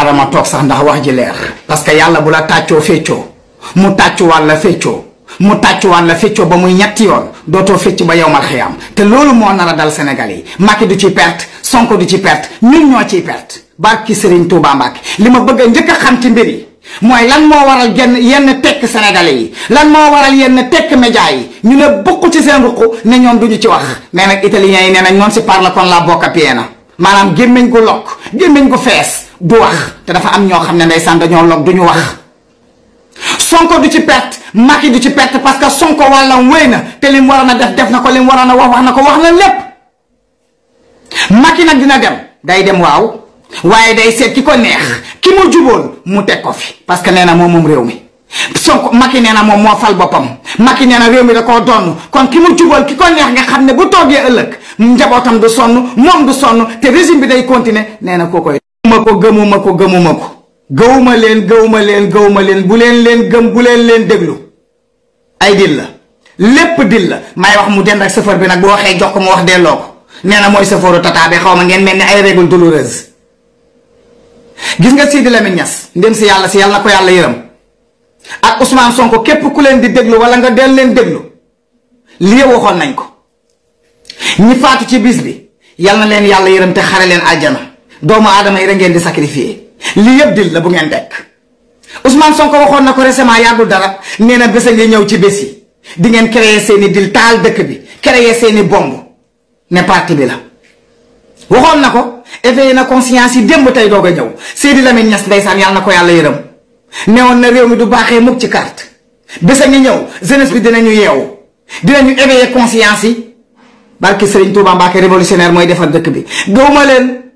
xaaral ma toog sax ndax wax ji leer parce que yàlla bu la tàccoo feccoo mu tàccuwaat la feccoo mu tàccuwaat la feccoo ba muy ñetti yoon dootoo fecc ba yow mal xiyaam te loolu moo nar a dal Sénégal yi Macky du ci perte Sonko du ci perte ñun ñoo ciy perte barki Serigne Touba Mbacké li ma bëgg a njëkk a xam ci mbir yi mooy lan moo waral genn yenn tekk sénégalais yi lan moo waral yenn tekk média yi ñu ne bokk ci seen ruq ne ñoom ñu ci wax mais nag italiens yi ne nañ noonu si parle kon la bocca piena maanaam gémmiñ gu lokk gémmiñ gu fees du wax te dafa am ñoo xam ne ndeysaan dañoo log duñu wax sonko du ci perte Macky du ci perte parce que sonko wàllam wéy na te lim waroon a def def na ko lim waroon na wax wax na ko wax na lépp Macky nag dina dem day dem waaw waaye day seet ki ko neex ki mu mu teg ko fi parce que nee na moom moom réew mi sonko Macky nee na moom moo fal boppam Macky nee na réew mi da koo donn kon ki mu juboon ki ko neex nga xam ne bu toogee ëllëg njabootam du sonn moom du sonn te régime bi day continuer nee na koo koy gëmuma ko gëmuma ko gëmuma ko gëwuma leen gëwuma leen gëwuma leen bu leen leen gëm bu leen leen déglu ay dil la lépp dil la may wax mu dend ak sëfër bi nag bu waxee jox ko mu wax delloo ko nee na mooy sëfëru tata xaw ma ngeen mel ni ay règle douloureuse gis nga Sidi Lamine Niass ndem si yàlla si yàlla na ko yàlla yërëm ak Ousmane Sonko képp ku leen di déglu wala nga del leen déglu lii waxoon nañ ko ñi faatu ci bis bi yàlla na leen yàlla yërëm te xare leen àjjana doomu aadama yi da ngeen di sacrifier li yëpp dil la bu ngeen dekk Ousmane ko waxoon na ko récemment yàggul dara nee na bés a ngi ñëw ci bés yi di ngeen créer seeni dil taal dëkk bi créer seeni bomb ne parti bi la. waxoon na ko éveillé na conscience yi démb tey doog a ñëw Seydi Lamine Niass ndeysaan yàlla na ko yàlla yërëm newoon na réew mi du baaxee mukk ci carte bés a ngi ñëw jeunesse bi dinañu yeewu dinañu éveillé conscience yi barki Serigne Touba Mbacke mooy defar dëkk bi